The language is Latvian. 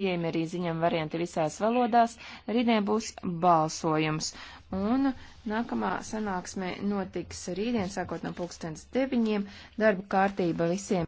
pieejami arī ziņam varianti visās valodās. Rītdien būs balsojums. Un nākamā sanāksme notiks rītdien, sākot no pulkstens deviņiem. Darba kārtība visiem.